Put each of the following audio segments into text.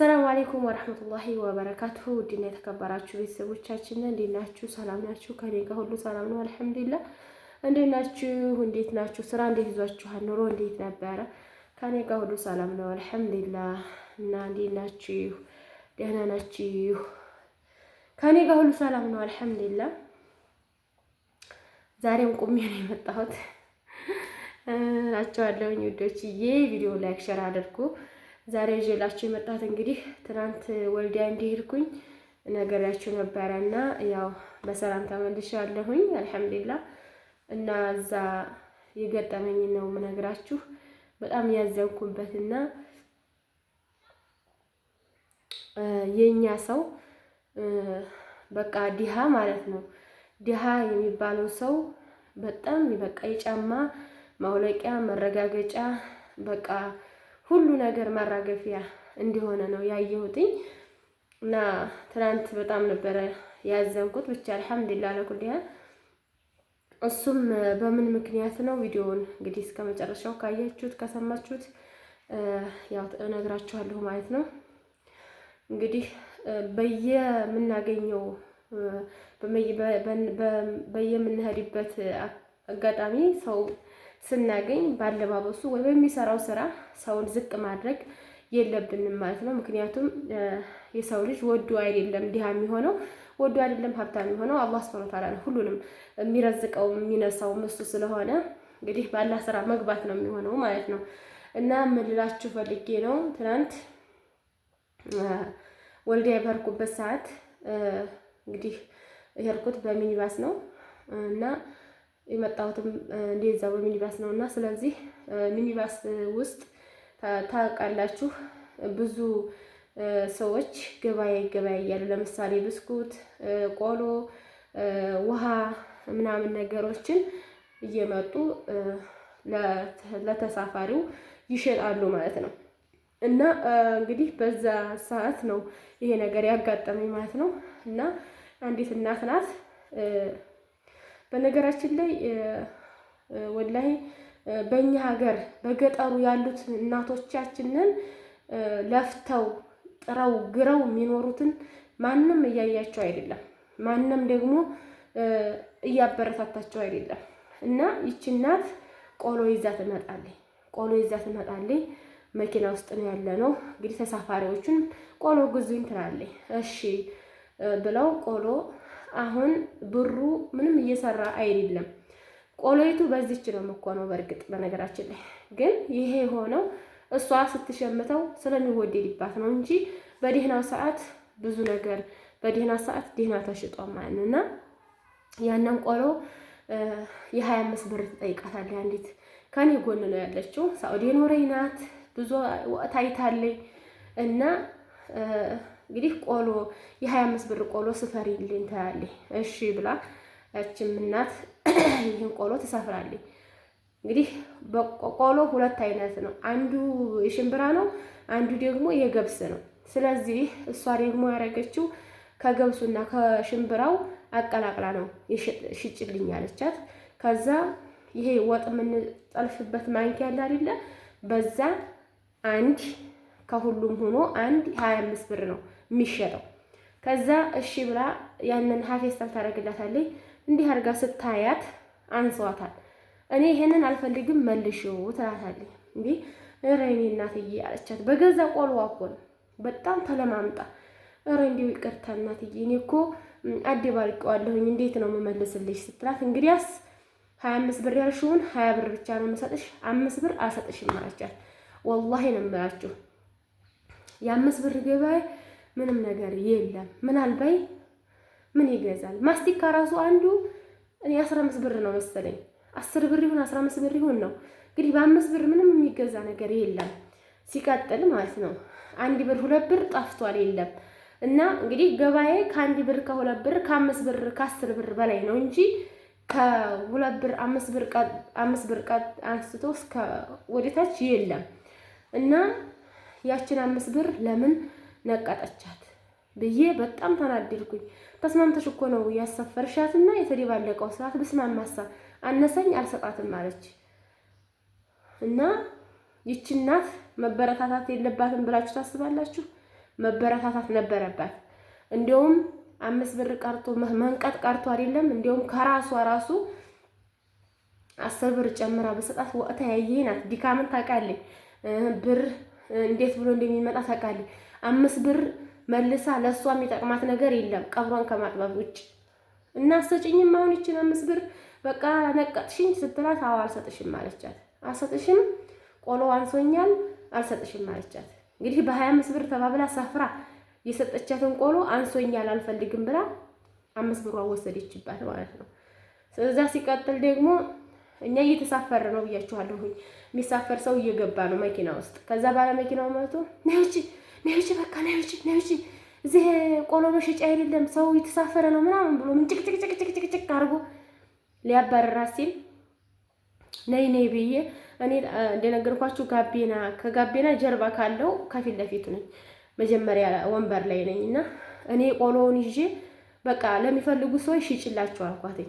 ሰላም አሌይኩም ወረህመቱላሂ ወበረካቱሁ። ውድና የተከበራችሁ ቤተሰቦቻችን እንዴት ናችሁ? ሰላም ናችሁ? ከኔ ጋር ሁሉ ሰላም ነው አልሐምዱሊላህ። እንዴት ናችሁ? እንዴት ናችሁ? ስራ እንዴት ይዟችኋል? ኑሮ እንዴት ነበረ? ከኔ ጋር ሁሉ ሰላም ነው አልሐምዱሊላህ። እና እንዴት ናችሁ? ደህና ናችሁ? ከኔ ጋር ሁሉ ሰላም ነው አልሐምዱሊላህ። ዛሬም ቁሜ ነው የመጣሁት ናቸዋለሁኝ። ውዶችዬ ቪዲዮ ላይክ ሸር አድርጉ። ዛሬ ይዤላችሁ የመጣሁት እንግዲህ ትናንት ወልዲያ እንዲሄድኩኝ ነገሪያችሁ ነበረ እና ያው በሰላም ተመልሻለሁኝ አልሐምዱሊላ። እና እዛ የገጠመኝ ነው የምነግራችሁ በጣም ያዘንኩበት እና የኛ ሰው በቃ ድሃ ማለት ነው። ድሃ የሚባለው ሰው በጣም በቃ የጫማ ማውለቂያ መረጋገጫ በቃ ሁሉ ነገር ማራገፊያ እንዲሆነ ነው ያየሁትኝ እና ትናንት በጣም ነበረ ያዘንኩት። ብቻ አልሐምዱሊላህ ለኩልያ እሱም በምን ምክንያት ነው? ቪዲዮውን እንግዲህ እስከ መጨረሻው ካያችሁት ከሰማችሁት ያው እነግራችኋለሁ ማለት ነው። እንግዲህ በየምናገኘው በየምንሄድበት አጋጣሚ ሰው ስናገኝ በአለባበሱ ወይ በሚሰራው ስራ ሰውን ዝቅ ማድረግ የለብንም ማለት ነው። ምክንያቱም የሰው ልጅ ወዶ አይደለም ድሃ የሚሆነው ወዶ አይደለም ሀብታም የሚሆነው አላህ ሱብሐነሁ ወተዓላ ነው ሁሉንም የሚረዝቀው የሚነሳው እሱ ስለሆነ እንግዲህ ባላ ስራ መግባት ነው የሚሆነው ማለት ነው። እና የምልላችሁ ፈልጌ ነው ትናንት ወልዲያ በርኩበት ሰዓት እንግዲህ የሄድኩት በሚኒባስ ነው እና የመጣሁትም እንደዛ በሚኒባስ ነው እና ስለዚህ ሚኒባስ ውስጥ ታውቃላችሁ ብዙ ሰዎች ገበያ ይገበያያሉ። ለምሳሌ ብስኩት፣ ቆሎ፣ ውሃ ምናምን ነገሮችን እየመጡ ለተሳፋሪው ይሸጣሉ ማለት ነው። እና እንግዲህ በዛ ሰዓት ነው ይሄ ነገር ያጋጠመኝ ማለት ነው። እና አንዲት እናት ናት በነገራችን ላይ ወላሂ በእኛ ሀገር በገጠሩ ያሉት እናቶቻችንን ለፍተው ጥረው ግረው የሚኖሩትን ማንም እያያቸው አይደለም። ማንም ደግሞ እያበረታታቸው አይደለም። እና ይቺ እናት ቆሎ ይዛ ትመጣለች። ቆሎ ይዛ ትመጣለች። መኪና ውስጥ ነው ያለ ነው እንግዲህ ተሳፋሪዎቹን ቆሎ ግዙኝ ትላለች። እሺ ብለው ቆሎ አሁን ብሩ ምንም እየሰራ አይደለም። ቆሎይቱ በዚች ነው የምኮነው። በእርግጥ በነገራችን ላይ ግን ይሄ የሆነው እሷ ስትሸምተው ስለሚወደድባት ነው እንጂ በደህናው ሰዓት ብዙ ነገር በደህና ሰዓት ደህና ተሽጧል ማለት ነው። እና ያንን ቆሎ የሀያ አምስት ብር ትጠይቃታለች። አንዲት ከኔ ጎን ነው ያለችው ሳውዲ ኖረኝ ናት ብዙ ታይታለች እና እንግዲህ ቆሎ የሀያ አምስት ብር ቆሎ ስፈሪልኝ ትላለች። እሺ ብላ ያችም እናት ይህን ቆሎ ትሰፍራለች። እንግዲህ በቆሎ ሁለት አይነት ነው። አንዱ የሽምብራ ነው፣ አንዱ ደግሞ የገብስ ነው። ስለዚህ እሷ ደግሞ ያደረገችው ከገብሱና ከሽምብራው አቀላቅላ ነው ሽጭልኝ ያለቻት ከዛ ይሄ ወጥ የምንጠልፍበት ማንኪያ አለ አይደለ? በዛ አንድ ከሁሉም ሆኖ አንድ ሀያ አምስት ብር ነው። የሚሸጠው። ከዛ እሺ ብላ ያንን ሀፌስታል ታደርግላታለች። እንዲህ አድርጋ ስታያት አንስዋታል። እኔ ይሄንን አልፈልግም መልሽው ትላታለች። እንዲህ ኧረ እኔ እናትዬ አለቻት። በገዛ ቆልዋ እኮ ነው በጣም ተለማምጣ። ኧረ እንዲሁ ይቅርታ እናትዬ፣ እኔ እኮ አደባልቀዋለሁኝ እንዴት ነው የምመልስልሽ ስትላት እንግዲያስ ሀያ አምስት ብር ያልሽውን ሀያ ብር ብቻ ነው የምሰጥሽ፣ አምስት ብር አልሰጥሽም አለቻት። ወላሂ ነው የምላችሁ የአምስት ብር ገበያ ምንም ነገር የለም። ምናልባይ ምን ይገዛል? ማስቲካ ራሱ አንዱ የአስራ አምስት ብር ነው መሰለኝ አስር ብር ይሁን አስራ አምስት ብር ይሁን ነው እንግዲህ በአምስት ብር ምንም የሚገዛ ነገር የለም። ሲቀጥል ማለት ነው አንድ ብር ሁለት ብር ጠፍቷል የለም። እና እንግዲህ ገበያ ከአንድ ብር ከሁለት ብር ከአምስት ብር ከአስር ብር በላይ ነው እንጂ ከሁለት ብር አምስት ብር አምስት ብር ቀጥ አንስቶ እስከ ወደታች የለም እና ያችን አምስት ብር ለምን ነቀጠቻት ብዬ በጣም ተናደድኩኝ። ተስማምተሽ እኮ ነው ያሰፈርሻትና የተደባለቀው ሰዓት ብስማማሳ አነሰኝ አልሰጣትም አለች እና ይች እናት መበረታታት የለባትም ብላችሁ ታስባላችሁ? መበረታታት ነበረባት። እንዲያውም አምስት ብር ቀርቶ መንቀጥ ቀርቶ አይደለም እንዲያውም ከራሷ ራሱ አስር ብር ጨምራ በሰጣት ወቅታ ያየናት ድካምን ታውቃለች። ብር እንዴት ብሎ እንደሚመጣ ታውቃለች። አምስት ብር መልሳ ለእሷ የሚጠቅማት ነገር የለም ቀብሯን ከማጥበብ ውጭ እና አሰጭኝም አሁን ይችን አምስት ብር በቃ ነቀጥሽኝ ስትላት አዎ አልሰጥሽም አለቻት። አልሰጥሽም ቆሎ አንሶኛል አልሰጥሽም አለቻት። እንግዲህ በሀያ አምስት ብር ተባብላ ሰፍራ የሰጠቻትን ቆሎ አንሶኛል አልፈልግም ብላ አምስት ብሯ ወሰደችባት ማለት ነው። ስለዛ ሲቀጥል ደግሞ እኛ እየተሳፈረ ነው ብያችኋለሁኝ የሚሳፈር ሰው እየገባ ነው መኪና ውስጥ። ከዛ ባለ መኪናው መቶ ነች ነይ ውጪ፣ በቃ ነይ ውጪ፣ ነይ ውጪ፣ እዚህ ቆሎ መሸጫ አይደለም ሰው የተሳፈረ ነው ምናምን ብሎ ምን ጭቅ አድርጎ ሊያባረራት ሲል ነይ ነይ ብዬ እኔ እንደነገርኳችሁ ጋቤና ከጋቤና ጀርባ ካለው ከፊት ለፊቱ ነኝ። መጀመሪያ ወንበር ላይ ነኝ እና እኔ ቆሎውን ይዤ በቃ ለሚፈልጉ ሰዎች ሽጭላችሁ አልኳትኝ።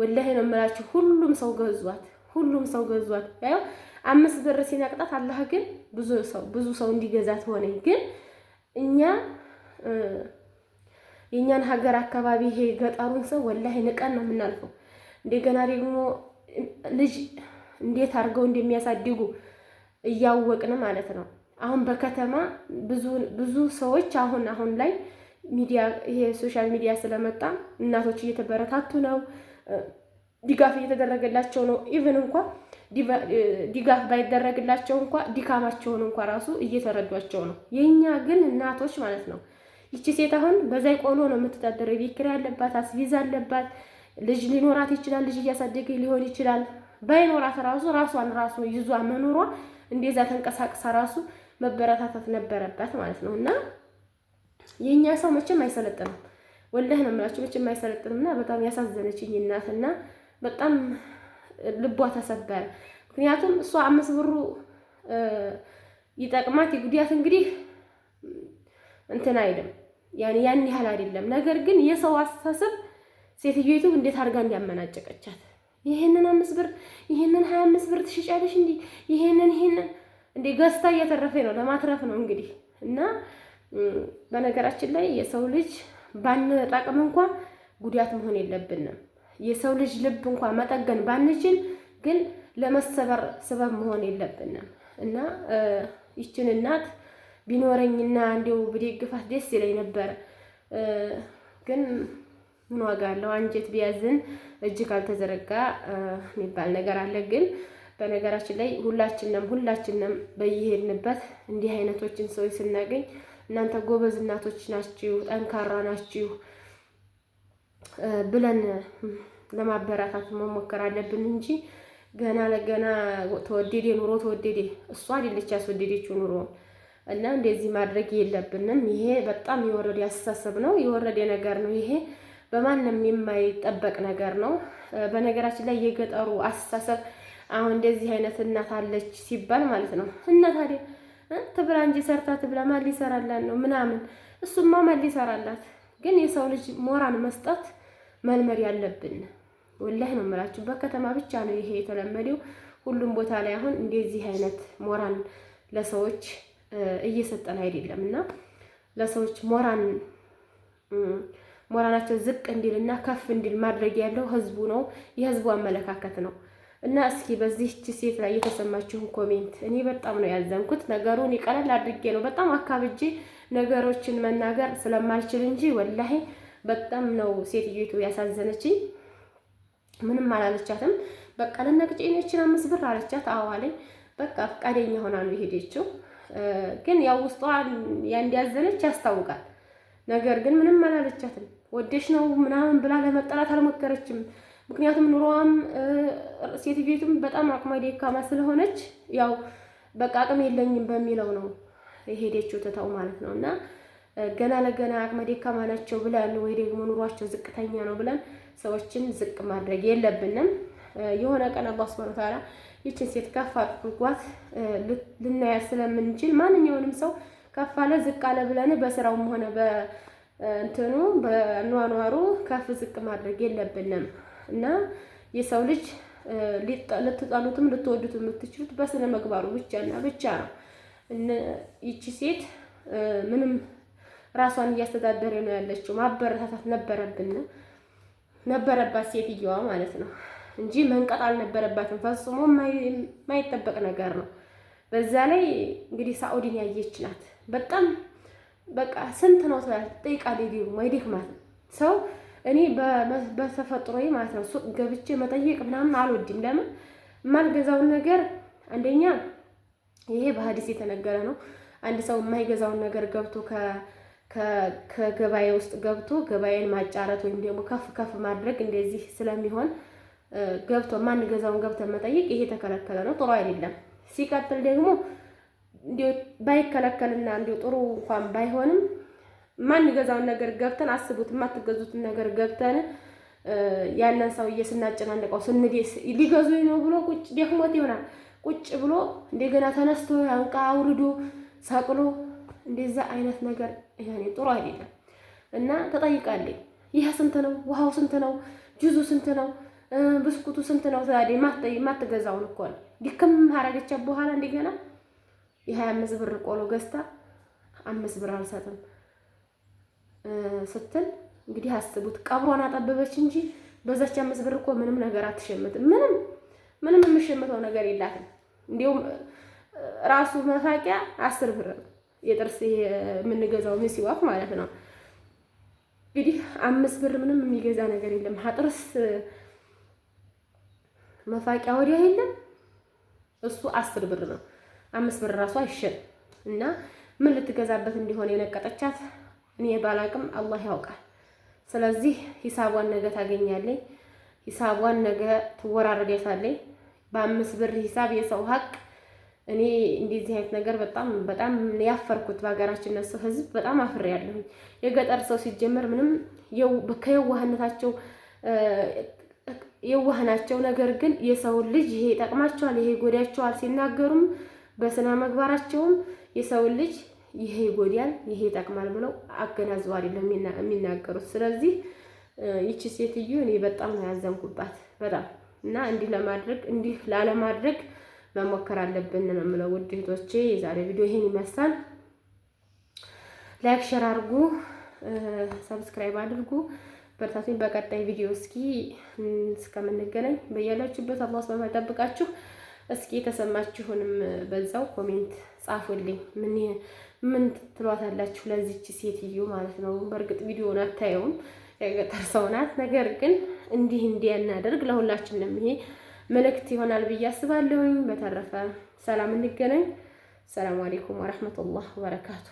ወላሂ ነው የምላችሁ ሁሉም ሰው ገዟት። ሁሉም ሰው ገዟት። ያው አምስት ብር ሲነቅጣት አላህ ግን ብዙ ሰው ብዙ ሰው እንዲገዛት ሆነ። ግን እኛ የእኛን ሀገር አካባቢ ይሄ ገጠሩን ሰው ወላሂ ንቀን ነው የምናልፈው። እንደገና ደግሞ ልጅ እንዴት አድርገው እንደሚያሳድጉ እያወቅን ማለት ነው። አሁን በከተማ ብዙ ብዙ ሰዎች አሁን አሁን ላይ ሚዲያ ይሄ ሶሻል ሚዲያ ስለመጣ እናቶች እየተበረታቱ ነው። ድጋፍ እየተደረገላቸው ነው። ኢቭን እንኳ ድጋፍ ባይደረግላቸው እንኳ ድካማቸውን እንኳ ራሱ እየተረዷቸው ነው። የእኛ ግን እናቶች ማለት ነው። ይቺ ሴት አሁን በዛይ ቆሎ ነው የምትታደረው። ቤት ኪራይ አለባት፣ አስቤዛ አለባት፣ ልጅ ሊኖራት ይችላል፣ ልጅ እያሳደገ ሊሆን ይችላል። ባይኖራት ራሱ ራሷን ራሱ ይዟ መኖሯ እንደዛ ተንቀሳቅሳ ራሱ መበረታታት ነበረባት ማለት ነው። እና የእኛ ሰው መቼም አይሰለጥንም፣ ወላህ ነው የምላችሁ መቼም አይሰለጥንም። እና በጣም ያሳዘነችኝ እናትና በጣም ልቧ ተሰበረ። ምክንያቱም እሷ አምስት ብሩ ይጠቅማት ይጉዳት እንግዲህ እንትን አይልም ያን ያን ያህል አይደለም። ነገር ግን የሰው አስተሳሰብ ሴትዮቱ እንዴት አድርጋ እንዲያመናጨቀቻት ይሄንን አምስት ብር ይሄንን ሀያ አምስት ብር ትሽጫለሽ እንዲ ይሄንን ይሄንን እንዴ ገዝታ እያተረፈ ነው ለማትረፍ ነው እንግዲህ እና በነገራችን ላይ የሰው ልጅ ባንጠቅም እንኳን ጉዳት መሆን የለብንም። የሰው ልጅ ልብ እንኳን መጠገን ባንችል ግን ለመሰበር ስበብ መሆን የለብንም እና ይችን እናት ቢኖረኝና እንዲው ብደግፋት ደስ ይለኝ ነበር። ግን ምን ዋጋ አለው? አንጀት ቢያዝን እጅ ካልተዘረጋ የሚባል ነገር አለ። ግን በነገራችን ላይ ሁላችንም ሁላችንም በየሄድንበት እንዲህ አይነቶችን ሰዎች ስናገኝ እናንተ ጎበዝ እናቶች ናችሁ፣ ጠንካራ ናችሁ ብለን ለማበረታት መሞከር አለብን እንጂ ገና ለገና ተወደዴ ኑሮ ተወደዴ እሷ አይደለች ያስወደደችው ኑሮውን እና እንደዚህ ማድረግ የለብንም። ይሄ በጣም የወረደ አስተሳሰብ ነው፣ የወረደ ነገር ነው። ይሄ በማንም የማይጠበቅ ነገር ነው። በነገራችን ላይ የገጠሩ አስተሳሰብ አሁን እንደዚህ አይነት እናት አለች ሲባል ማለት ነው እና ታዲያ ትብላ እንጂ ሰርታ ትብላ ማን ሊሰራላት ነው ምናምን እሱማ ማን ሊሰራላት ግን የሰው ልጅ ሞራን መስጠት መልመድ ያለብን ወላህ ነው የምላችሁ። በከተማ ብቻ ነው ይሄ የተለመደው። ሁሉም ቦታ ላይ አሁን እንደዚህ አይነት ሞራን ለሰዎች እየሰጠን አይደለም እና ለሰዎች ሞራን ሞራላቸው ዝቅ እንዲልና ከፍ እንዲል ማድረግ ያለው ህዝቡ ነው፣ የህዝቡ አመለካከት ነው። እና እስኪ በዚህች ሴት ላይ የተሰማችሁን ኮሜንት። እኔ በጣም ነው ያዘንኩት። ነገሩን ቀለል አድርጌ ነው በጣም አካብጄ ነገሮችን መናገር ስለማልችል እንጂ ወላሂ በጣም ነው ሴትዮቱ ያሳዘነችኝ። ምንም አላለቻትም። በቃ ለነቅጭ እኔችን አምስት ብር አለቻት። አዋለኝ በቃ ፈቃደኛ ሆና ነው የሄደችው። ግን ያው ውስጧ ያንዲያዘነች ያስታውቃል። ነገር ግን ምንም አላለቻትም። ወደሽ ነው ምናምን ብላ ለመጠላት አልሞከረችም። ምክንያቱም ኑሮዋም ሴትዮቱም በጣም አቅመ ደካማ ስለሆነች ያው በቃ አቅም የለኝም በሚለው ነው የሄደችው ትተው ማለት ነው። እና ገና ለገና አቅመ ደካማ ናቸው ብለን ወይ ደግሞ ኑሯቸው ዝቅተኛ ነው ብለን ሰዎችን ዝቅ ማድረግ የለብንም። የሆነ ቀን አላህ ሱብሃነሁ ወተዓላ ይችን ሴት ከፍ አድርጓት ልናያት ስለምንችል ማንኛውንም ሰው ከፍ አለ ዝቅ አለ ብለን በስራውም ሆነ በእንትኑ በኗኗሩ ከፍ ዝቅ ማድረግ የለብንም። እና የሰው ልጅ ልትጠሉትም ልትወዱት የምትችሉት በስነ ምግባሩ ብቻና ብቻ ነው። ይቺ ሴት ምንም ራሷን እያስተዳደረ ነው ያለችው። ማበረታታት ነበረብን ነበረባት ሴትየዋ ማለት ነው እንጂ መንቀጥ አልነበረባትም። ፈጽሞ የማይጠበቅ ነገር ነው። በዛ ላይ እንግዲህ ሳኡዲን ያየች ናት። በጣም በቃ ስንት ነው ትላል ጠይቃ ሊዲሩ ማይደክማት ሰው እኔ በተፈጥሮዬ ማለት ነው ሱቅ ገብቼ መጠየቅ ምናምን አልወድም። ለምን የማልገዛውን ነገር አንደኛ ይሄ በሀዲስ የተነገረ ነው። አንድ ሰው የማይገዛውን ነገር ገብቶ ከገበያ ውስጥ ገብቶ ገበያን ማጫረት ወይም ደግሞ ከፍ ከፍ ማድረግ እንደዚህ ስለሚሆን ገብቶ ማንገዛውን ገብተ መጠየቅ ይሄ የተከለከለ ነው፣ ጥሩ አይደለም። ሲቀጥል ደግሞ እንዲ ባይከለከልና እንዲሁ ጥሩ እንኳን ባይሆንም ማንገዛውን ነገር ገብተን አስቡት፣ የማትገዙትን ነገር ገብተን ያንን ሰውዬ ስናጨናንቀው ስንዴስ ሊገዙ ነው ብሎ ቁጭ ደክሞት ይሆናል ቁጭ ብሎ እንደገና ተነስቶ ያንቃ አውርዶ ሰቅሎ እንደዛ አይነት ነገር ያኔ ጥሩ አይደለም እና ተጠይቃለኝ። ይህ ስንት ነው? ውሃው ስንት ነው? ጁዙ ስንት ነው? ብስኩቱ ስንት ነው? ታዲያ የማትገዛውን እኮ ነው ድክም አረገቻት። በኋላ እንደገና የሀያ አምስት ብር ቆሎ ገዝታ አምስት ብር አልሰጥም ስትል እንግዲህ አስቡት። ቀብሯን አጠበበች እንጂ በዛች አምስት ብር እኮ ምንም ነገር አትሸምትም። ምንም ምንም የምሸምተው ነገር የላትም። እንዲሁም ራሱ መፋቂያ አስር ብር ነው የጥርስ የምንገዛው ምስዋክ ማለት ነው። እንግዲህ አምስት ብር ምንም የሚገዛ ነገር የለም። ጥርስ መፋቂያ ወዲያ የለም እሱ አስር ብር ነው። አምስት ብር ራሱ አይሸጥ እና ምን ልትገዛበት እንዲሆን የነቀጠቻት እኔ ባላቅም አላህ ያውቃል። ስለዚህ ሂሳቧን ነገ ታገኛለኝ። ሂሳቧን ነገ ትወራረዳታለኝ። በአምስት ብር ሂሳብ የሰው ሀቅ እኔ እንደዚህ አይነት ነገር በጣም በጣም ያፈርኩት በሀገራችን ነሱ ህዝብ በጣም አፍሬያለሁ። የገጠር ሰው ሲጀመር ምንም ከየዋህነታቸው የዋህናቸው ነገር ግን የሰውን ልጅ ይሄ ይጠቅማቸዋል፣ ይሄ ይጎዳቸዋል ሲናገሩም በስነ ምግባራቸውም የሰውን ልጅ ይሄ ይጎዳል፣ ይሄ ይጠቅማል ብለው አገናዝበው አይደለም የሚናገሩት። ስለዚህ ይቺ ሴትዮ እኔ በጣም ነው ያዘንኩባት በጣም እና እንዲህ ለማድረግ እንዲህ ላለማድረግ መሞከር አለብን ነው የምለው። ውድ እህቶቼ የዛሬ ቪዲዮ ይሄን ይመስላል። ላይክ ሼር አድርጉ፣ ሰብስክራይብ አድርጉ። በርታቱኝ። በቀጣይ ቪዲዮ እስኪ እስከምንገናኝ በያላችሁበት አላህ ስብሐ ይጠብቃችሁ። እስኪ የተሰማችሁንም በዛው ኮሜንት ጻፉልኝ ምን ምን ትሏታላችሁ ለዚች ሴትዮ ማለት ነው። በእርግጥ ቪዲዮውን አታየውም የገጠር ሰው ናት። ነገር ግን እንዲህ እንዲህ እናደርግ ለሁላችንም ይሄ መልእክት ይሆናል ብዬ አስባለሁኝ። በተረፈ ሰላም እንገናኝ። ሰላም አሌይኩም ወረህመቱላህ ወበረካቱ።